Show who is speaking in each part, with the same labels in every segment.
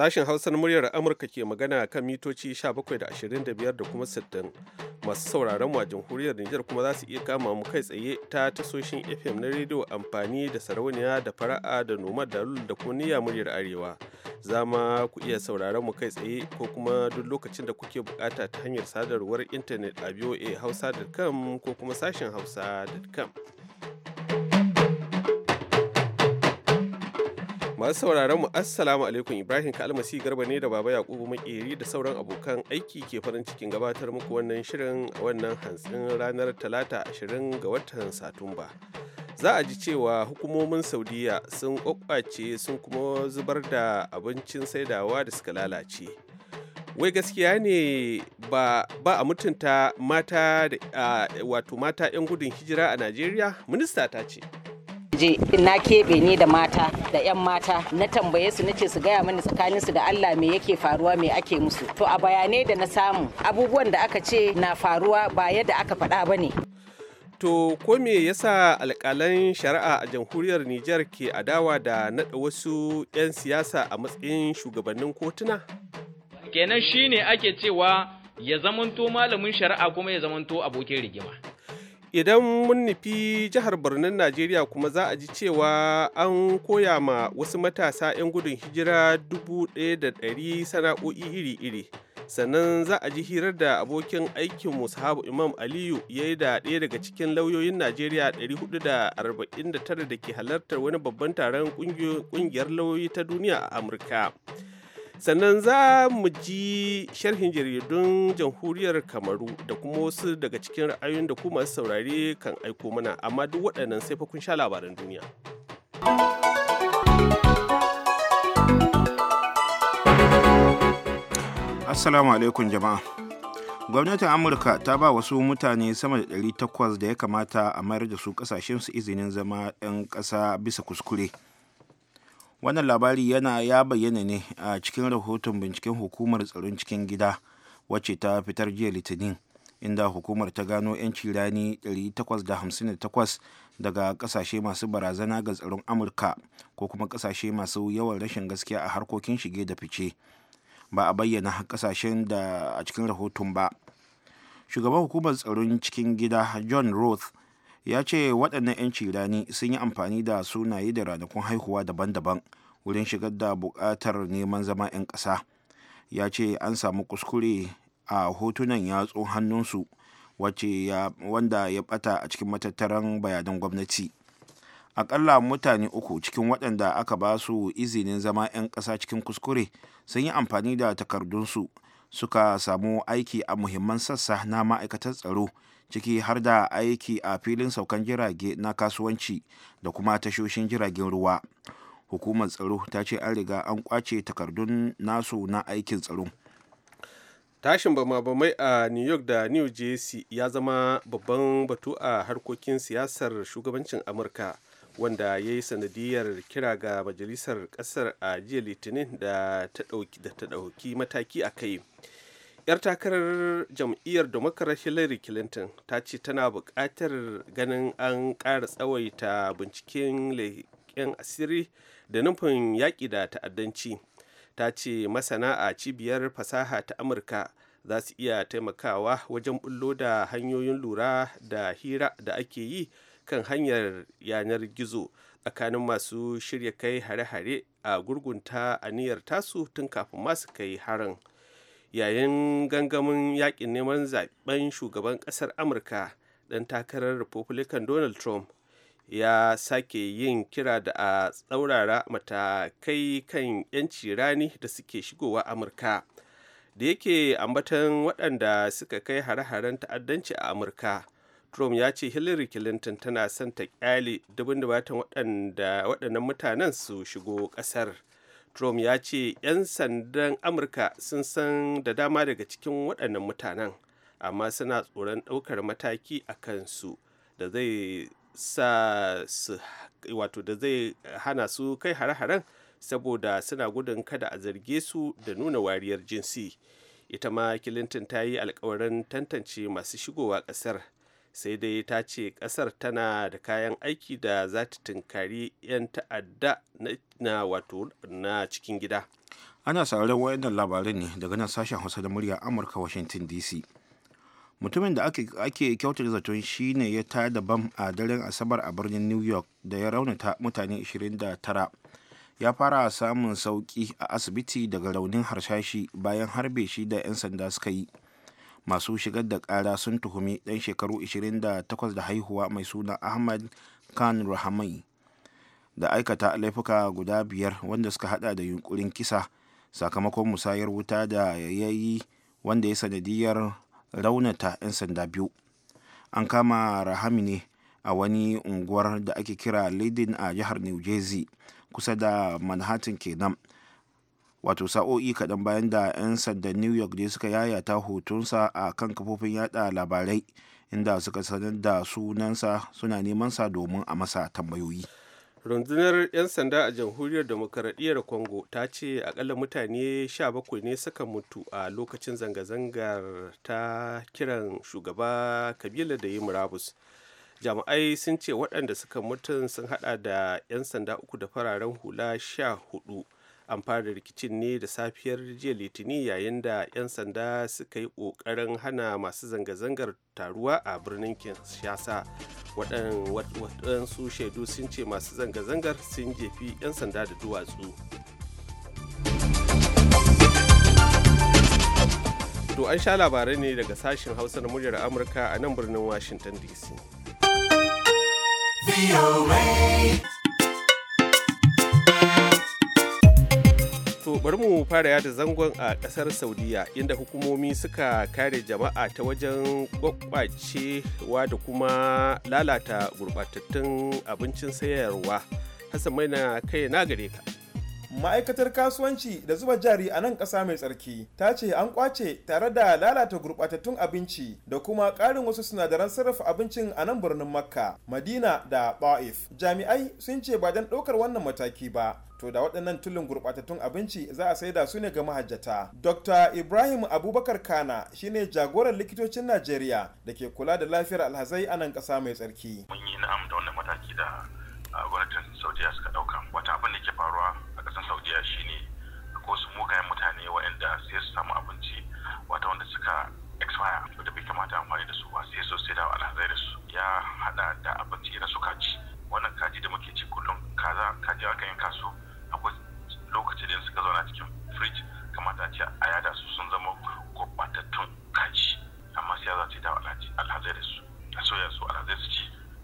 Speaker 1: Sashen Hausar muryar Amurka ke magana kan mitoci 17 da 25 da kuma 60. Masu sauraron wa jamhuriyar Nijar kuma za su iya kama mu kai tsaye ta tasoshin FM na rediyo amfani da sarauniya da fara'a da noma da lul da kuma niyya muryar Arewa. Za ma ku iya sauraron mu kai tsaye ko kuma duk lokacin da kuke bukata ta hanyar sadarwar intanet a voahausa.com ko kuma sashen hausa.com. Masu sauraron mu Assalamu alaikum Ibrahim Kalmasi Garba ne da Baba Yakubu Makeri da sauran abokan aiki ke farin cikin gabatar muku wannan shirin a wannan hantsin ranar Talata 20 ga watan Satumba. Za a ji cewa hukumomin Saudiya sun kwakwace sun kuma zubar da abincin saidawa da suka lalace. Wai gaskiya ne ba, a mutunta mata wato mata 'yan gudun hijira a Najeriya? Minista ta ce.
Speaker 2: je na keɓe ni da mata da 'yan mata na tambaye su nace su gaya mani tsakanin su da Allah me yake faruwa me ake musu to a bayanai da na samu abubuwan da aka ce na faruwa ba yadda aka faɗa ba ne.
Speaker 1: To ko me yasa alƙalan shari'a a jamhuriyar Nijar ke adawa da naɗa wasu 'yan siyasa a matsayin shugabannin kotuna?
Speaker 3: Kenan shine ake cewa ya zamanto malamin shari'a kuma ya zamanto abokin rigima.
Speaker 1: Idan mun nufi jihar Birnin Najeriya kuma za a ji cewa an koya ma wasu matasa 'yan gudun hijira dubu da ɗari sana'o'i iri-iri. Sannan za a ji hirar da abokin aikin Musahabu Imam Aliyu ya yi da ɗaya daga cikin lauyoyin Najeriya 449 da ke halartar wani babban taron ƙungiyar lauyoyi ta duniya a Amurka. sannan za mu ji sharhin jaridun jamhuriyar kamaru da kuma wasu daga cikin ra'ayoyin da kuma saurare kan aiko mana amma duk waɗannan sai fa kun sha labaran duniya
Speaker 4: assalamu alaikum jama'a gwamnatin amurka ta ba wasu mutane sama da 800 da ya kamata a mayar da su su izinin zama 'yan ƙasa bisa kuskure wannan labari yana ya bayyana ne a cikin rahoton binciken hukumar tsaron cikin gida wacce ta fitar jiya litinin inda hukumar ta gano 'yanci rani 858 daga kasashe masu barazana ga tsaron amurka ko kuma kasashe masu yawan rashin gaskiya a harkokin shige da fice ba a bayyana kasashen da a cikin rahoton ba shugaban hukumar tsaron cikin gida john roth ya ce waɗannan 'yan cirani sun yi amfani da sunaye da ranakun haihuwa daban-daban wurin shigar da buƙatar neman zama 'yan ƙasa ya ce an samu kuskure a hotunan yatsun hannunsu wanda ya ɓata a cikin matattaran bayanan gwamnati akalla mutane uku cikin waɗanda aka ba su izinin zama 'yan ƙasa cikin kuskure sun yi amfani da takardunsu suka samu aiki a muhimman sassa na ma'aikatar tsaro ciki har da aiki a filin saukan jirage na kasuwanci da kuma tashoshin jiragen ruwa hukumar tsaro ta ce an riga an kwace takardun nasu na aikin tsaro
Speaker 1: tashin bama-bamai a new york da new jersey ya zama babban batu a harkokin siyasar shugabancin amurka wanda ya yi sanadiyar kira ga majalisar kasar a jiya litinin da ta ɗauki mataki a kai yar takarar jam'iyyar democrat hillary clinton ta ce tana buƙatar ganin an ƙara tsawaita binciken leƙen asiri da nufin yaƙi da ta'addanci ta ce masana a cibiyar fasaha ta amurka za su iya taimakawa wajen bullo da hanyoyin lura da hira da ake yi kan hanyar yanar gizo tsakanin masu shirya kai hare-hare a gurgunta aniyar tasu tun kafin masu kai harin yayin gangamin yakin neman zaben shugaban ƙasar amurka ɗan takarar republican donald trump ya sake yin kira da a tsaurara matakai kan 'yanci rani da suke shigowa amurka da yake ambatan waɗanda suka kai hare-haren ta'addanci a amurka trump ya ce hillary clinton tana son ta kyale dubin dubatan waɗannan mutanen su shigo ƙasar trump ya ce 'yan sandan amurka sun san da dama daga cikin waɗannan mutanen amma suna tsoron ɗaukar mataki a kansu da zai sa su wato da zai hana su kai hare-haren saboda suna gudun kada a zarge su da nuna wariyar jinsi ita ma clinton ta yi alkawarin tantance masu shigowa ƙasar sai dai ta ce kasar tana da kayan aiki da za ta tunkari 'yan ta'adda na wato na cikin gida
Speaker 4: ana sauraron wayannan labarin ne daga nan sashen hausa da murya amurka washington dc mutumin da ake kyautar zaton shine ya ta da bam a daren asabar a birnin new york da ya raunata mutane 29 ya fara samun sauki a asibiti daga raunin harshashi bayan harbe shi da 'yan sanda suka yi masu shigar da ƙara sun tuhumi ɗan shekaru 28 da haihuwa mai suna ahmad khan rahamai da aikata laifuka guda biyar wanda suka hada da yunkurin kisa sakamakon musayar wuta da yayi wanda ya sanadiyar raunata 'yan sanda biyu an kama rahami ne a wani unguwar da ake kira leading a jihar new jersey kusa da manhattan kenan wato sa'o'i kaɗan bayan da 'yan sandan new york dai suka yayata hotonsa a kan kafofin yada labarai inda suka sanar da sunansa suna neman sa domin a masa tambayoyi
Speaker 1: rundunar 'yan sanda a jamhuriyar demokaradiyyar congo ta ce akalla mutane 17 ne suka mutu a lokacin zanga-zangar ta kiran shugaba kabila da yi murabus jami'ai sun ce waɗanda suka mutu sun hada da 'yan sanda uku da fararen hula 14 an fara rikicin ne da safiyar jiya litini yayin da 'yan sanda suka yi ƙoƙarin hana masu zanga-zangar taruwa a birnin kinshasa waɗansu shaidu sun ce masu zanga-zangar sun jefi 'yan sanda da duwatsu to an sha labarai ne daga sashen hausa na muryar amurka a nan birnin washington dc To bari mu fara yada zangon a kasar Saudiya inda hukumomi suka kare jama'a ta wajen gwakwacewa da kuma lalata gurbatattun abincin sayarwa. Hassan mai na kai na gare ka.
Speaker 5: ma'aikatar kasuwanci da zuba jari a nan ƙasa mai tsarki ta ce an kwace tare da lalata gurɓatattun abinci da kuma ƙarin wasu sinadaran sarrafa abincin a nan birnin makka madina da ba'if jami'ai sun ce ba don ɗaukar wannan mataki ba to da waɗannan tulin gurɓatattun abinci za a saida su ne ga mahajjata dr ibrahim abubakar kana shine jagoran likitocin najeriya da ke kula da lafiyar alhazai a nan ƙasa mai tsarki mun yi na'am da wannan mataki da gwamnatin saudiya suka ɗauka wata abin da ke faruwa a ƙasar saudiya shine akwai wasu mugayen mutane waɗanda sai su samu abinci wata wanda suka expire da bai kamata amfani da su ba sai so sai da alhazai da su ya hada da abinci irin su kaji wannan kaji da muke ci kullum kaza kaji aka yanka su suka zauna cikin fridge kamata a ce a yada su sun zama gurbatattun kaji amma sai za su dawa alhazai da su a soya su alhazai su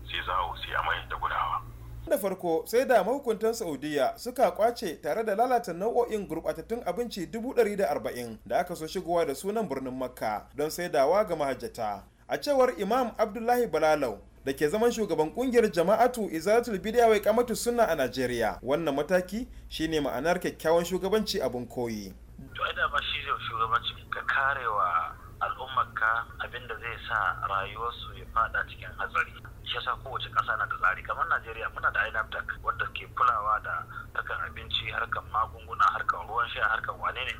Speaker 5: ci sai zawo sai amai da gudawa. da farko sai da mahukuntan saudiya suka kwace tare da lalata nau'o'in gurbatattun abinci 140 da aka so shigowa da sunan birnin makka don saidawa ga mahajjata a cewar imam abdullahi balalau da ke zaman shugaban kungiyar jama'atu izalatul bidiya wai kamatu suna a najeriya wannan mataki shine ma'anar kyakkyawan shugabanci abin koyi ai shugabanci ka
Speaker 6: karewa al'ummarka abin zai sa rayuwarsu ya fada cikin hatsari shi sa kowace ƙasa na da tsari kamar najeriya muna da inaptac wadda ke kulawa da harkar
Speaker 7: abinci harkar magunguna harkar ruwan sha harkar wane ne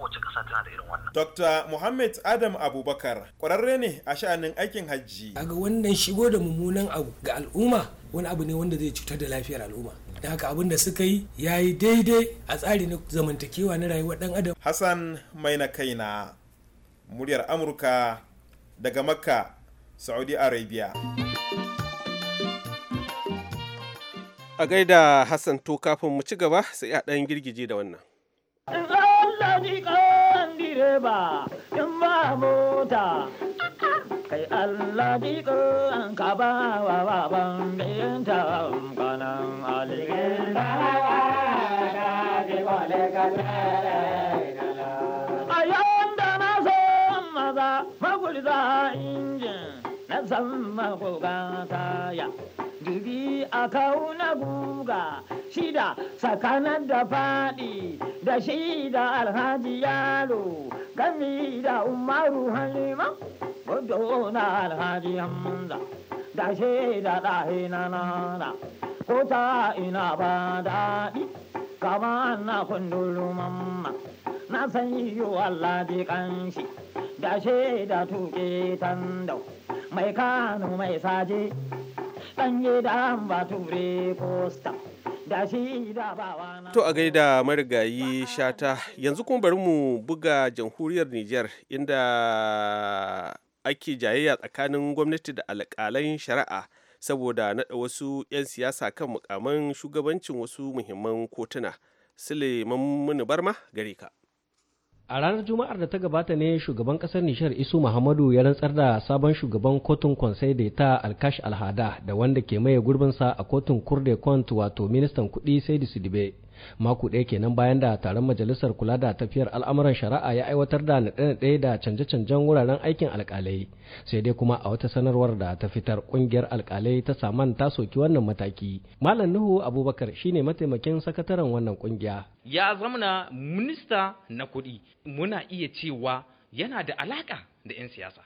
Speaker 7: kowace kasa tana da irin wannan.
Speaker 6: Dr.
Speaker 5: Muhammad Adam Abubakar ƙwararre ne a sha'anin aikin hajji. Kaga wannan shigo da mummunan abu ga al'umma wani abu ne wanda zai cutar da lafiyar al'umma. Da haka abin da suka yi ya yi daidai a tsari na zamantakewa na rayuwar ɗan adam. Hassan mai na kai na, muryar Amurka daga Makka, Saudi Arabia.
Speaker 1: a gaida Hassan to kafin mu ci gaba sai a ɗan girgije da wannan.
Speaker 2: Allah kan direba in ba mota kai Allah ji kan ka ba wa wa ban binta kanan aligin ba wa da ji wale a yawan da na so maza magulza injin na san magulga ta ya dubi a kauna guga shida sakanar da faɗi da shida alhaji yaro gami da umaru halima gudu na alhaji hamza da shi da ɗahe na ko ta ina ba daɗi kama na kundulu mamma na san yiwu Allah ji kanshi da shi da tuƙe mai kano mai saje To
Speaker 1: a gaida marigayi shata yanzu kuma bari mu buga jamhuriyar Nijar inda ake jayayya tsakanin gwamnati da alƙalan shari'a saboda naɗa wasu 'yan siyasa kan mukaman shugabancin wasu muhimman kotuna. Suleiman Muni Barma gare ka.
Speaker 8: a ranar juma'ar da ta gabata ne shugaban kasar nishar isu muhammadu ya rantsar da sabon shugaban kotun kwansai da ta alkash alhada da wanda ke maye gurbinsa a kotun kurde kont wato ministan kudi sai sidibe mako ɗaya kenan bayan da taron majalisar kula da tafiyar al'amuran shari'a ya aiwatar da naɗe-naɗe da canje-canjen wuraren aikin alƙalai sai dai kuma a wata sanarwar da ta fitar ƙungiyar alƙalai ta saman ta soki wannan mataki malam nuhu abubakar shine mataimakin sakataren wannan ƙungiya
Speaker 3: ya zamana minista na kuɗi muna iya cewa yana da alaƙa da 'yan siyasa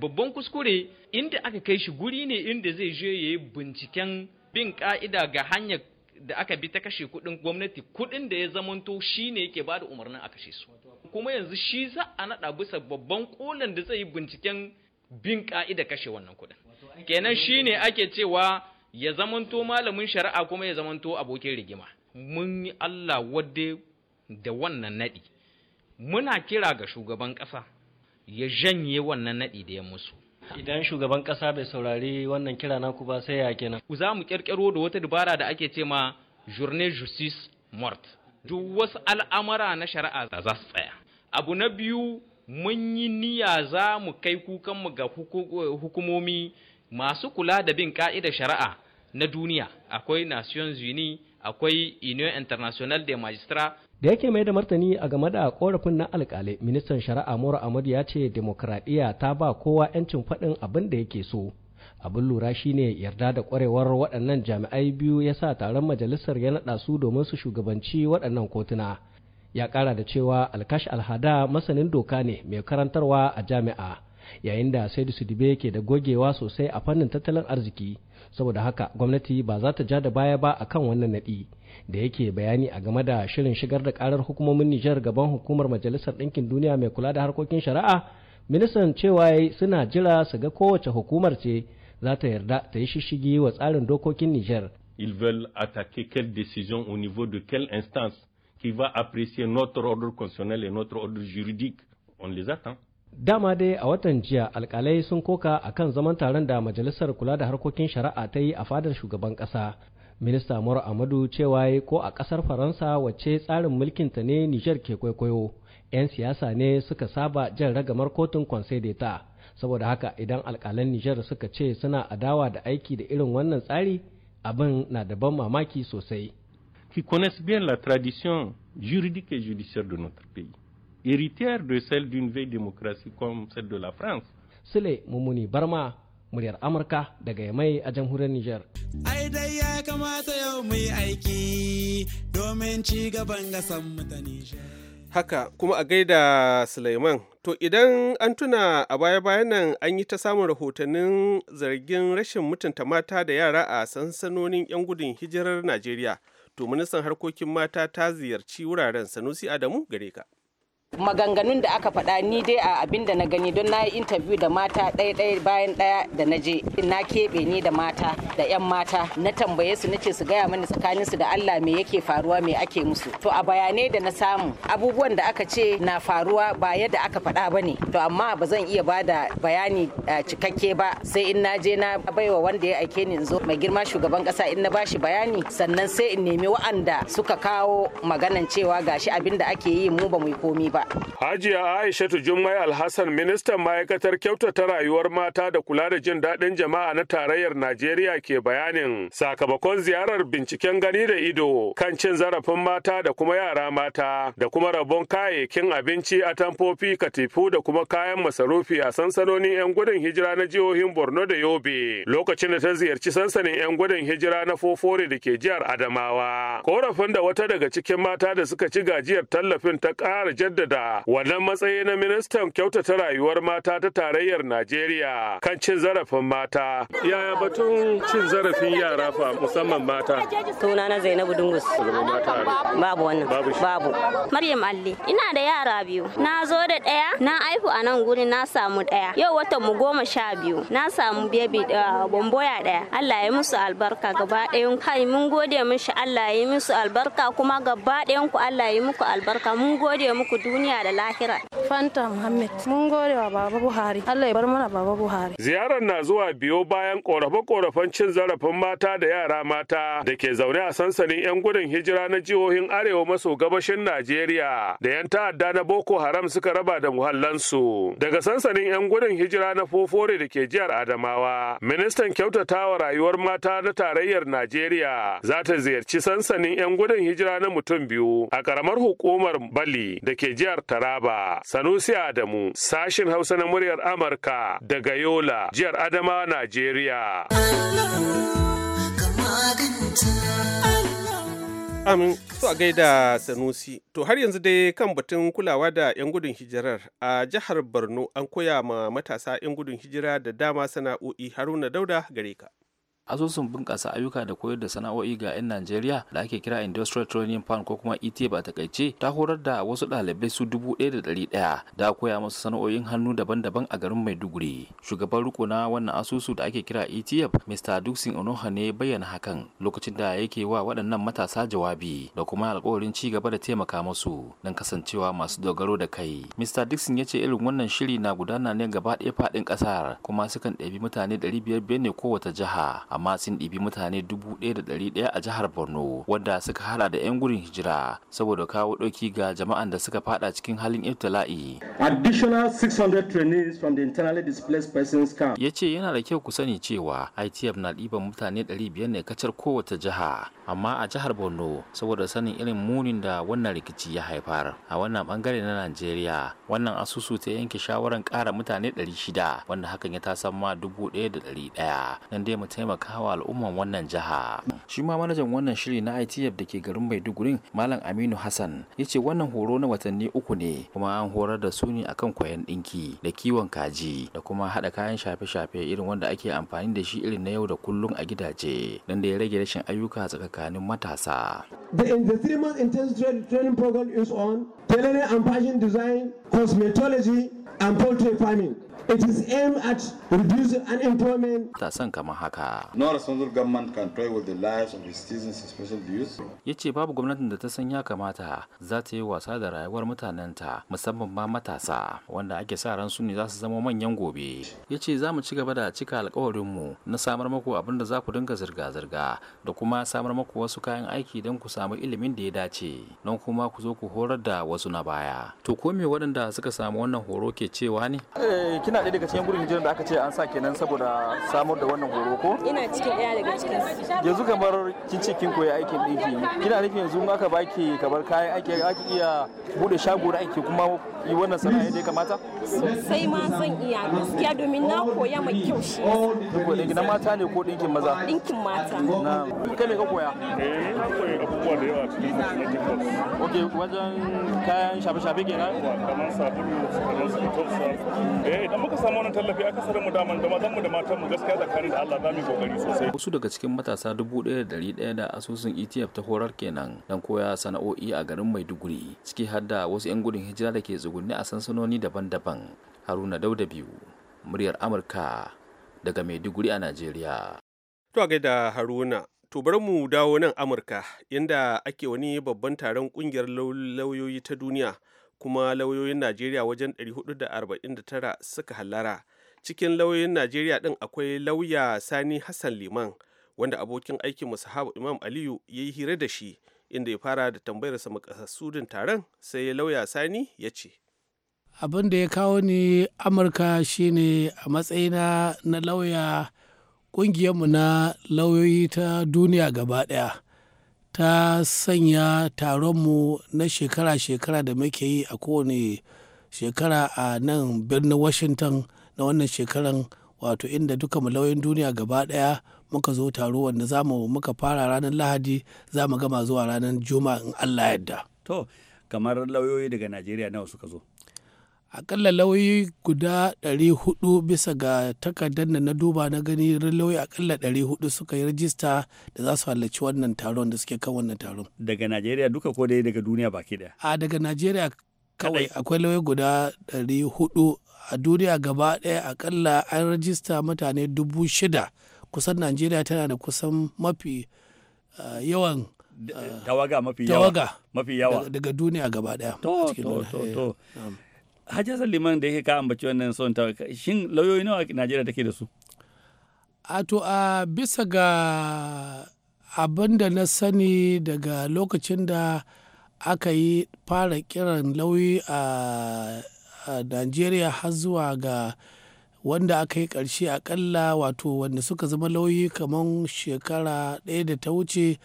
Speaker 3: babban kuskure inda aka kai shi guri ne inda zai je ya yi binciken bin ka'ida ga hanyar da aka bi ta kashe kuɗin gwamnati kuɗin da ya zamanto shi ne yake ba da umarnin a kashe su kuma yanzu shi za a naɗa bisa babban kolin da zai yi binciken bin ka'ida kashe wannan kuɗin kenan shi ne ake cewa ya zamanto malamin shari'a kuma ya zamanto abokin rigima mun yi Allah wadde da wannan naɗi muna kira ga shugaban ƙasa
Speaker 8: ya janye wannan naɗi da ya musu Idan shugaban ƙasa bai saurari wannan kira ku ba sai ya kenan. Za mu kirkiro da wata dabara da ake ce ma journée justice
Speaker 3: mort. Duk wasu al'amara na shari'a za su tsaya. Abu na biyu mun yi niyya za mu kai kukanmu ga hukumomi masu kula da bin ka'idar shari'a na duniya akwai Nation Unies akwai Union International des Magistrats
Speaker 8: da yake mai da martani a game da korafin na alkali ministan shari'a mura ahmadu ya ce demokradiyya ta ba kowa 'yancin faɗin abin da yake so abin lura shine yarda da kwarewar waɗannan jami'ai biyu ya sa taron majalisar ya naɗa su domin su shugabanci waɗannan kotuna ya ƙara da cewa alkash alhada masanin doka ne mai karantarwa a jami'a yayin da saidu dibe ke da gogewa sosai a fannin tattalin arziki saboda haka gwamnati ba za ta ja da baya ba akan wannan nadi da yake bayani a game da shirin shigar da karar hukumomin nijar gaban hukumar majalisar ɗinkin duniya mai kula da harkokin shari'a ministan cewa suna jira su ga kowace hukumar ce za ta yarda ta yi shishigi wa tsarin dokokin nijar ils veulent attaquer quelle décision au niveau de quelle instance qui va apprécier notre ordre constitutionnel et notre ordre juridique on les attend dama dai a watan jiya alkalai sun koka a kan zaman taron da majalisar kula da harkokin shari'a ta yi a fadar shugaban ƙasa minista mor amadu cewa ko a ƙasar faransa wacce tsarin mulkinta ne nijar ke kwaikwayo 'yan siyasa ne suka saba jan ragamar kotun conseil d'etat saboda haka idan alkalan nijar suka ce suna adawa da aiki da irin wannan tsari abin na da ban mamaki sosai qui connaissent bien la tradition juridique et judiciaire de notre pays héritière de celle d'une vieille démocratie comme celle de la France. Sele Mumuni Barma, muryar Amurka daga Yamai
Speaker 1: a jamhuriyar Nijar.
Speaker 7: Ai dai ya kamata yau muyi aiki domin ci gaban gasar mu ta Nijar.
Speaker 1: Haka kuma a gaida Sulaiman. To idan an tuna a baya-bayan nan an yi ta samun rahotannin zargin rashin mutunta mata da yara a sansanonin 'yan gudun hijirar Najeriya. To ministan harkokin mata ta ziyarci wuraren Sanusi Adamu gare ka.
Speaker 2: maganganun da aka faɗa ni dai a abin da na gani don na yi interview da mata ɗaya ɗaya bayan ɗaya da na je na keɓe ni da mata da 'yan mata na tambaye su nace su gaya mani tsakanin su da Allah me yake faruwa me ake musu to a bayanai da na samu abubuwan da aka ce na faruwa ba yadda aka faɗa ba ne to amma ba zan iya ba da bayani eh, cikakke ba sai in na je na baiwa wanda ya aike ni in zo mai girma shugaban ƙasa in na bashi bayani sannan sai in nemi wa'anda suka kawo maganan cewa gashi abin da ake yi mu ba mu yi komi ba
Speaker 9: Hajiya Aishatu Jummai Alhassan ministan ma'aikatar kyautata rayuwar mata da kula da jin daɗin jama'a na tarayyar Najeriya ke bayanin sakamakon ziyarar binciken gani da ido kan cin zarafin mata da kuma yara mata da kuma rabon kayayyakin abinci a tamfofi katifu da kuma kayan masarufi a sansanonin 'yan gudun hijira na jihohin Borno da Yobe lokacin da ta ziyarci sansanin 'yan gudun hijira na Fofore da ke jihar Adamawa. Korafin da wata daga cikin mata da suka ci gajiyar tallafin ta ƙara jaddada jaddada wannan matsayi na ministan kyautata rayuwar mata ta tarayyar Najeriya kan cin zarafin mata. Yaya batun cin zarafin yara fa musamman mata?
Speaker 2: Tuna na Zainabu Dungus. Babu wannan. Babu. Maryam Alli. Ina da yara biyu. Na zo da ɗaya, na aihu a nan guri na samu ɗaya. Yau watan mu goma sha biyu. Na samu bebi eh, bomboya ɗaya. Allah ya musu albarka gaba ɗaya. kai mun gode mishi Allah ya yi musu albarka kuma gaba ɗayan ku Allah ya yi muku albarka mun gode muku duk duniya da lahira. Fanta Muhammad mun gode wa Baba Buhari. Allah ya bar mana Baba Buhari.
Speaker 9: Ziyarar na zuwa biyo bayan korafe-korafen cin zarafin mata da yara mata da ke zaune a sansanin 'yan gudun hijira na jihohin Arewa maso gabashin Najeriya da 'yan ta'adda na Boko Haram suka raba da muhallansu. Daga sansanin 'yan gudun hijira na Fofore da ke jihar Adamawa, ministan kyautatawa rayuwar mata na tarayyar Najeriya za ta ziyarci sansanin 'yan gudun hijira na mutum biyu a karamar hukumar Bali da ke jihar jihar Taraba. Sanusi Adamu, sashin Hausa na muryar Amurka daga Yola, jihar Adama, Najeriya.
Speaker 1: Amin, to a gaida Sanusi. To har yanzu dai kan batun kulawa da 'yan gudun hijirar a jihar Borno an koya ma matasa 'yan gudun hijira da dama sana'o'i Haruna Dauda gare ka.
Speaker 10: asusun bunƙasa ayyuka da koyar da sana'o'i ga 'yan najeriya da ake kira industrial training fund ko kuma ita e ba takaice ta horar da wasu ɗalibai su dubu ɗaya da ɗari ɗaya da koya masu sana'o'in hannu daban-daban a garin maiduguri shugaban riko na wannan asusu da ake kira etf mr duxin onoha ne bayyana hakan lokacin da yake wa waɗannan matasa jawabi da kuma alƙawarin ci gaba da taimaka musu don kasancewa masu dogaro da kai mr dixon ya ce irin wannan shiri na gudana ne gaba ɗaya faɗin ƙasar kuma sukan ɗabi mutane 500 ne kowace jiha amma sun ɗibi mutane dubu ɗaya da ɗari ɗaya a jihar borno wanda suka hada da 'yan gurin hijira saboda kawo ɗauki ga jama'an da suka fada cikin halin ibtila'i
Speaker 1: additional 600
Speaker 10: trainees from the internally displaced persons camp ya ce yana da kyau ku sani cewa itf na ɗiban mutane 500 ne kacar kowace jiha amma a jihar borno saboda sanin irin munin da wannan rikici ya haifar a wannan bangare na najeriya wannan asusu ta yanke shawarar ƙara mutane 600 wanda hakan ya ta dubu da tasamma 1,100 nan dai mu taimaka kawo al'umman wannan jiha shi ma manajan wannan shiri na ITF da ke garin Maiduguri Malam Aminu Hassan ya ce wannan horo na watanni uku ne kuma an horar da su ne akan koyon ɗinki da kiwon kaji da kuma haɗa kayan shafe-shafe irin wanda ake amfani da shi irin na yau da kullum a gidaje don da ya rage rashin ayyuka tsakanin matasa.
Speaker 7: The, the three-month training program is on tailoring and fashion design, cosmetology and poultry farming. It is aimed at reducing unemployment.
Speaker 10: ta san kama haka. No
Speaker 5: responsible government can toy with the lives of its citizens, especially the youth.
Speaker 10: yace babu gwamnatin da ta san ya kamata za ta yi wasa da rayuwar mutanen ta musamman ma matasa wanda ake sa ran su ne za su zama manyan gobe. yace zamu za mu ci gaba da cika alƙawarin mu na samar maku abin da za ku dinga zirga-zirga da kuma samar maku wasu kayan aiki don ku samu ilimin da ya dace don kuma ku zo ku horar da wasu na baya. To ko me waɗanda suka samu wannan horo ke cewa ne? Eh, kina ɗaya daga cikin gudun hijirar da aka ce an sa kenan saboda samar da wannan horo ko ina cikin ɗaya daga
Speaker 2: cikin yanzu
Speaker 10: kamar kin ce kin koyi aikin ɗinki kina nufin yanzu in aka baki kamar kayan aiki aka iya bude shago da aiki kuma yi wannan sana'a yadda ya kamata? Sosai
Speaker 2: ma zan iya gaskiya domin na koya mai kyau shi. Ko
Speaker 10: da gidan mata ne ko ɗinkin maza? Ɗinkin
Speaker 2: mata. Na.
Speaker 10: Kai me ka koya? Eh, na koyi abubuwa da yawa cikin cosmetic box. Ok, wajen kayan shafe-shafe kenan? Kamar sabulu, kamar su tausa.
Speaker 9: Eh, idan muka samu wannan tallafi akasarin mu daman da mazan mu da matan mu gaskiya tsakanin da Allah za mu yi kokari sosai.
Speaker 10: Wasu daga cikin matasa dubu ɗaya da ɗari ɗaya da asusun ETF ta horar kenan dan koya sana'o'i a garin Maiduguri ciki har da wasu 'yan gudun hijira da ke zuwa tsugunne a sansanoni daban-daban haruna dauda biyu muryar amurka daga maiduguri a najeriya
Speaker 1: to a gaida haruna to bari mu dawo nan amurka inda ake wani babban taron kungiyar lauyoyi ta duniya kuma lauyoyin najeriya wajen 449 suka hallara cikin lauyoyin najeriya din akwai lauya sani hassan liman wanda abokin aikin musahabu imam aliyu ya yi hira da shi inda ya fara da tambayarsa makasudin taron sai lauya sani ya ce
Speaker 11: abin da ya kawo ni amurka shine a matsayina na lauya ƙungiyarmu na lauyoyi ta duniya gaba daya ta sanya taronmu na shekara-shekara da muke yi a kowane shekara a nan birnin washington na wannan shekaran wato inda duka lauyoyin duniya gaba daya muka zo taro wanda za mu muka fara ranar lahadi za mu gama zuwa ranar juma'a in allah yadda
Speaker 6: to kamar lauyoyi daga najeriya nawa suka zo
Speaker 11: akalla lauyi guda 400 bisa ga takardar da na duba na gani lauyi akalla 400 suka yi rajista da za su halarci wannan taron da suke kan wannan taron daga najeriya duka ko dai daga duniya baki daya a daga najeriya kawai akwai lauyi guda 400 a duniya gaba daya akalla an rajista mutane dubu shida kusan najeriya tana da kusan mafi uh, yawan
Speaker 6: uh, tawaga mafi yawa daga duniya gaba daya to to to, to. Yeah. Um. hajjar liman da yake ka ambaci wannan son ta shin lauyoyi nawa najeriya take da su
Speaker 11: a to a bisa ga abin da na sani daga lokacin da aka yi fara kiran lauyi a najeriya har zuwa ga wanda aka yi ƙarshe akalla wato wanda suka zama lauyi kamar shekara ɗaya da ta wuce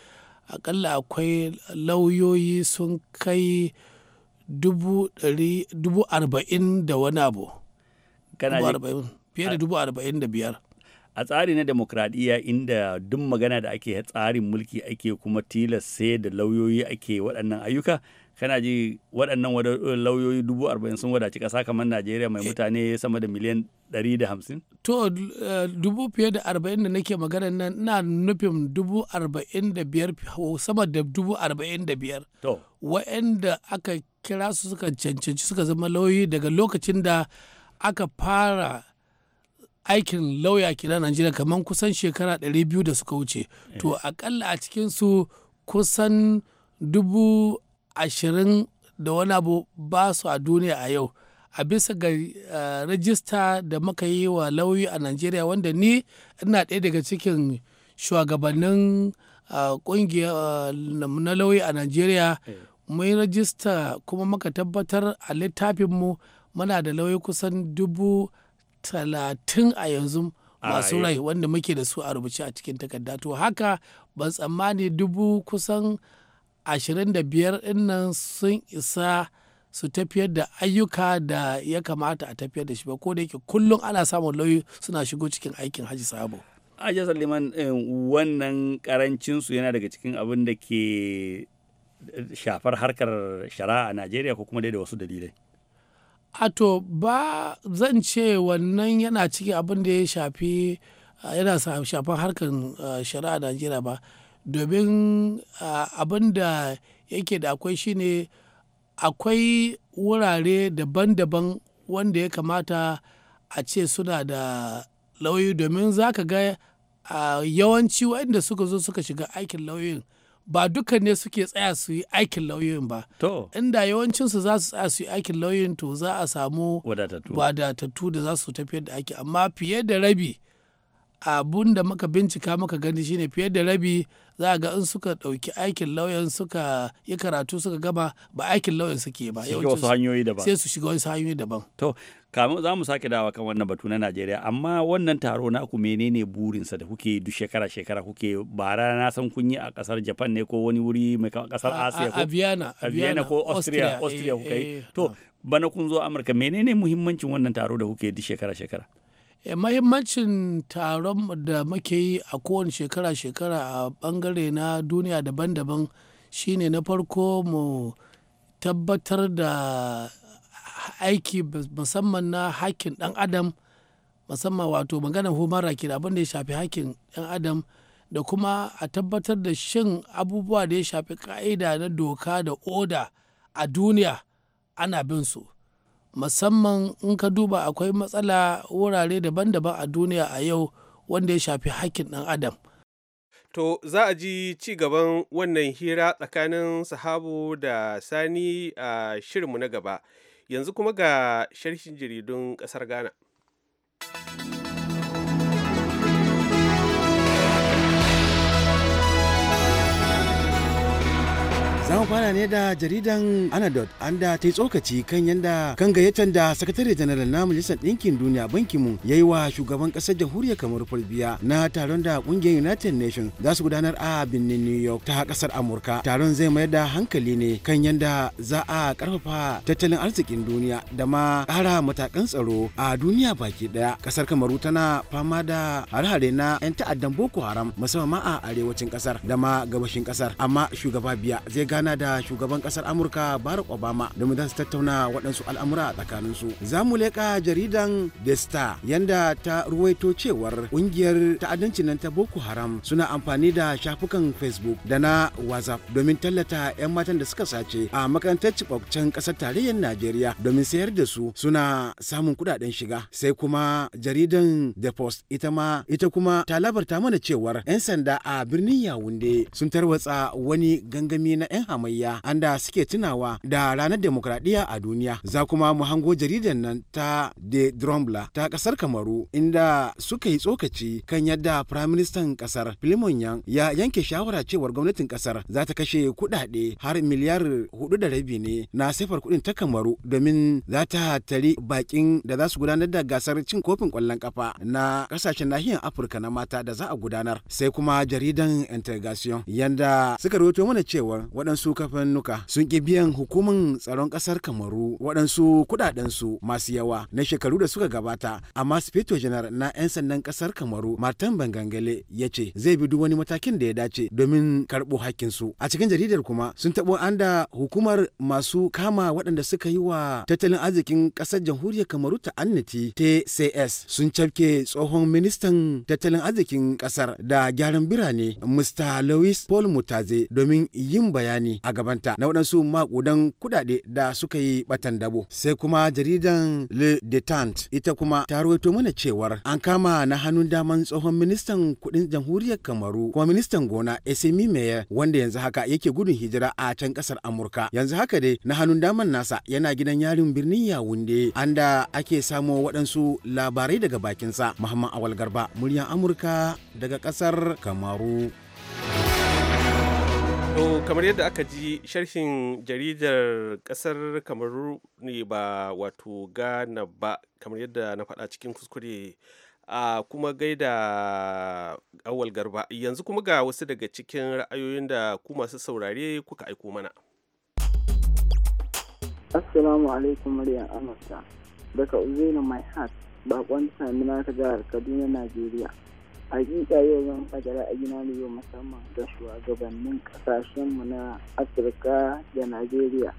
Speaker 11: akalla akwai lauyoyi sun kai dubu arba'in da wani abu fiye da dubu arba'in da biyar a tsari na demokradiyya inda
Speaker 6: duk magana da ake tsarin mulki ake kuma tilas sai da lauyoyi ake waɗannan ayyuka kana ji waɗannan eh, lauyoyi dubu arba'in sun wadaci ƙasa kamar najeriya mai eh. mutane sama da miliyan ɗari da hamsin?
Speaker 11: to eh, dubu fiye da arba'in da nake magana nan na nufin dubu arba'in da biyar sama da dubu arba'in da biyar wa'anda aka kira su suka cancanci suka zama lauyoyi daga lokacin da aka fara aikin lauya na najeriya kamar kusan shekara ɗari biyu da suka wuce to aƙalla a cikinsu kusan dubu ashirin da wani abu ba su a duniya a yau a bisa ga eh, rajista da muka yi wa lauyi a najeriya wanda ni ina ɗaya daga cikin shugabannin eh, ƙungiyar eh, na lauyi a najeriya mun rajista kuma muka tabbatar a littafinmu muna da lauyi kusan dubu talatin a yanzu masu rai wanda muke da su a rubuce a cikin takarda to haka ban tsammani dubu kusan 25 biyar nan sun isa su tafiyar da ayyuka da ya kamata a tafiyar da shi ba ko da yake kullum ana samun lauyi suna shigo cikin aikin haji sabo
Speaker 6: ajiya saliman eh, wannan karancinsu yana daga cikin abin da ke eh, shafar harkar shari'a a najeriya ko kuma dai da wasu dalilai
Speaker 11: ato ba zan ce wannan yana cikin abin da ya shafi eh, yana shafan harkar shari'a a najeriya ba domin abin da yake da akwai shine akwai wurare daban-daban wanda ya kamata a ce suna da lauyi domin za ka ga yawanci waɗanda suka zo suka shiga aikin lauyin ba dukkan ne suke tsaya su yi aikin lauyoyin ba inda yawancinsu za su tsaya su yi aikin lauyoyin to za a samu wadatattu da za su tafiyar da aiki amma fiye da rabi abun da muka bincika muka gani shine fiye da rabi za a ga in suka ɗauki aikin lauyan suka yi karatu suka gama ba aikin lauyan suke ba wasu hanyoyi daban sai su shiga wasu hanyoyi daban to
Speaker 6: kamar za mu sake dawa kan wannan batu na Najeriya amma wannan taro naku menene burinsa da kuke duk shekara shekara kuke bara na san kun yi a kasar Japan ne ko wani wuri mai kasar Asiya ko aviana ko Austria Austria kuka yi eh, eh, to eh, bana kun zo Amurka menene muhimmancin wannan taro da kuke duk shekara shekara
Speaker 11: Eh, mahimmancin taron da muke yi a kowane shekara-shekara a bangare na duniya daban-daban shine na farko mu tabbatar da aiki musamman na hakkin ɗan adam musamman wato maganar human rights abin da ya shafi hakkin ɗan adam da kuma a tabbatar da shin abubuwa da ya shafi ka'ida na doka da oda a duniya ana bin su. musamman in ka duba akwai matsala wurare daban-daban a duniya a yau wanda ya shafi hakkin ɗan adam
Speaker 1: to za a ji ci gaban wannan hira tsakanin sahabu da sani a shirinmu na gaba yanzu kuma ga sharhin jaridun ƙasar ghana
Speaker 7: Za mu fara ne da jaridan Anadot an da ta yi tsokaci kan yadda kan gayyatar da sakatare janaral na Majalisar Ɗinkin Duniya bankin mu ya yi wa shugaban ƙasar jamhuriyar kamar Fulbiya na taron da ƙungiyar United Nations za su gudanar a birnin New York ta ƙasar Amurka. Taron zai mayar da hankali ne kan yadda za a ƙarfafa tattalin arzikin duniya da ma ƙara matakan tsaro a duniya baki ɗaya. Ƙasar Kamaru tana fama da hare-hare na 'yan ta'addan Boko Haram musamman a arewacin ƙasar da ma gabashin ƙasar amma shugaba biya zai gana da shugaban kasar amurka barack obama domin za su tattauna waɗansu al'amura a tsakaninsu za mu leƙa jaridan the star yanda ta ruwaito cewar ƙungiyar ta'addanci nan ta boko haram suna amfani da shafukan facebook da na whatsapp domin tallata 'yan matan da suka sace a makarantar cibabcen ƙasar tarayyar najeriya domin sayar da su suna samun kuɗaɗen shiga sai kuma jaridan the post ita ma ita kuma ta labarta mana cewar 'yan sanda a birnin yawunde sun tarwatsa wani gangami na 'yan hamayya da suke tunawa da ranar demokradiyya a duniya za kuma mu hango jaridar nan ta de drumbla ta kasar kamaru inda suka yi tsokaci kan yadda firaministan kasar filimon yan ya yanke shawara cewar gwamnatin kasar za ta kashe kudade har miliyar hudu da rabi ne na sifar kuɗin ta kamaru domin za ta tari bakin da za su gudanar da gasar cin kofin kwallon kafa na kasashen nahiyar afirka na mata da za a gudanar sai kuma jaridan integration yanda suka rubuto mana cewa waɗansu waɗansu kafannuka sun ƙi biyan hukumar tsaron ƙasar kamaru waɗansu kuɗaɗensu masu yawa na shekaru da suka gabata amma speto janar na 'yan sandan ƙasar kamaru martin bangangale ya ce zai bi duk wani matakin da ya dace domin karɓo hakkinsu a cikin jaridar kuma sun taɓo an da hukumar masu kama waɗanda suka yi wa tattalin arzikin ƙasar jamhuriyar kamaru annati. tcs sun cafke tsohon ministan tattalin arzikin ƙasar da gyaran birane mr louis paul mutaze domin yin bayani ne a gabanta na waɗansu makudan kuɗaɗe da suka yi batan dabo sai kuma jaridan le detente ita kuma ta rawaito mana cewar an kama na hannun daman tsohon ministan kuɗin jamhuriyar kamaru kuma ministan gona esemi meye wanda yanzu haka yake gudun hijira a can ƙasar amurka yanzu haka dai na hannun daman nasa yana gidan yarin birnin yawunde anda ake samo waɗansu labarai daga bakinsa muhammad awal garba muryar amurka daga ƙasar kamaru
Speaker 1: To kamar yadda aka ji sharhin jaridar kasar kamaru ne ba wato Ghana ba kamar yadda na faɗa cikin kuskure a kuma gaida awal garba yanzu kuma ga wasu daga cikin ra'ayoyin da ku masu saurare kuka aiko mana.
Speaker 2: Assalamu alaikum maryam Amurka daga Uzaina My Heart bakon samina ta jihar Kaduna Najeriya. hakika yau zan faɗi ra'ayina ne yau musamman ga shugabannin mu na afirka da
Speaker 11: najeriya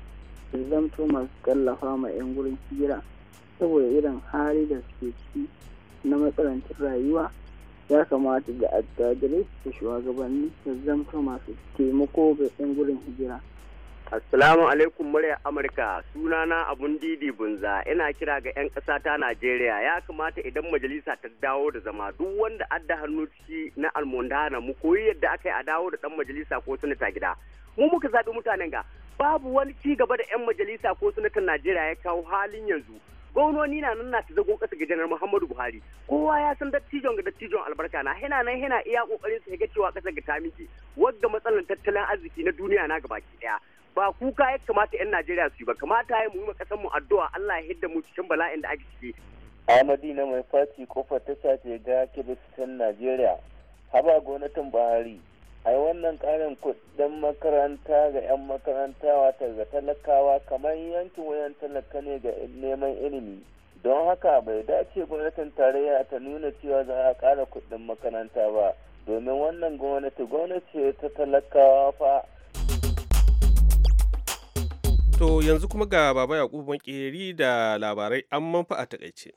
Speaker 11: da zamto masu tallafa ma 'yan gurin hira saboda irin hali
Speaker 2: da suke ciki na matsalancin rayuwa ya kamata da adadare da shugabanni su zamto masu taimako ga 'yan gurin hijira asalamu alaikum
Speaker 8: murya Amurka sunana abun didi bunza ina kira ga 'yan ƙasa ta Najeriya ya kamata idan majalisa ta dawo da zama duk wanda adda hannu ciki na almundana mu koyi yadda aka yi a dawo da ɗan majalisa ko sanata gida. Mu muka zaɓi mutanen ga babu wani ci gaba da 'yan majalisa ko sanatan Najeriya ya kawo halin yanzu. Gwamnoni na nan na ta zagon ƙasa ga janar Muhammadu Buhari kowa ya san dattijon ga dattijon albarka na
Speaker 2: hina nan hina iya ƙoƙarin su
Speaker 8: ga cewa ƙasa ga ta miƙe wadda matsalar tattalin arziki na duniya na gabaki ɗaya. ba kuka ya kamata 'yan Najeriya su yi ba kamata ya mu kasan mu addu'a Allah ya hidda mu cikin bala'in da ake ciki. Ahmadi na mai faci kofa ta sace ga kiristan Najeriya. Haba gwamnatin Buhari. Ai wannan karin kuɗin makaranta ga 'yan makaranta wata ga talakawa kamar yankin wayan talaka ne ga neman ilimi.
Speaker 6: Don haka bai
Speaker 8: dace gwamnatin tarayya ta nuna cewa za a ƙara kuɗin makaranta ba. Domin wannan
Speaker 6: gwamnati gwamnati ta talakawa fa
Speaker 1: To yanzu kuma ga Baba Yakubu Makeri da labarai an manfa a takaice.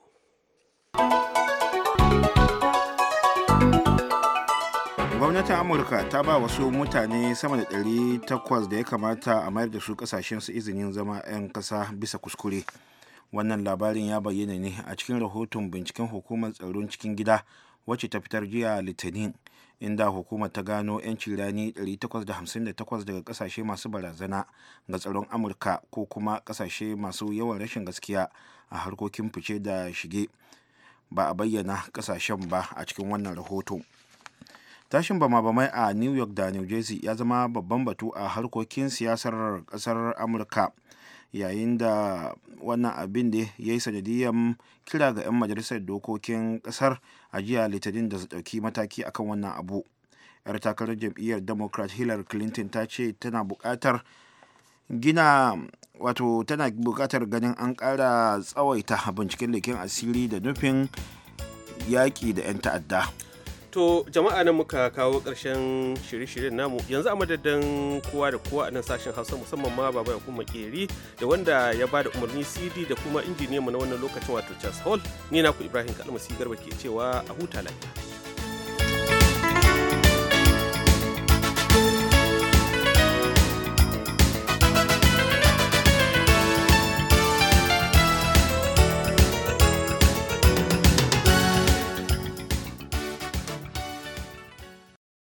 Speaker 4: Gwamnatin Amurka ta ba wasu mutane sama da ɗari takwas da ya kamata a mayar da su su izinin zama 'yan ƙasa bisa kuskure. Wannan labarin ya bayyana ne a cikin rahoton binciken hukumar tsaron cikin gida wacce ta fitar jiya Litinin. inda hukumar ta gano 'yanci rani 858 daga kasashe masu barazana ga tsaron amurka ko kuma kasashe masu yawan rashin gaskiya a harkokin fice da shige ba a bayyana kasashen ba a cikin wannan rahoton. tashin bama-bamai a new york da new jersey ya zama babban batu a harkokin siyasar kasar amurka yayin da wannan abin da ya yi sanadiyar kira ga 'yan majalisar dokokin kasar a jiya litinin da su ɗauki mataki akan wannan abu yar takarar jam'iyyar democrat hillary clinton ta ce tana buƙatar gina wato tana buƙatar ganin an ƙara tsawaita binciken leken asiri da nufin yaƙi da 'yan ta'adda
Speaker 1: To jama'a nan muka kawo ƙarshen shirye-shiryen namu yanzu a madadin kowa da kowa a nan sashen Hausa musamman ma baba kuma makeri da wanda ya bada umarni CD da kuma injiniyan mu na wannan lokacin wato Charles Hall ni naku Ibrahim Kalmasi Garba ke cewa a huta lafiya.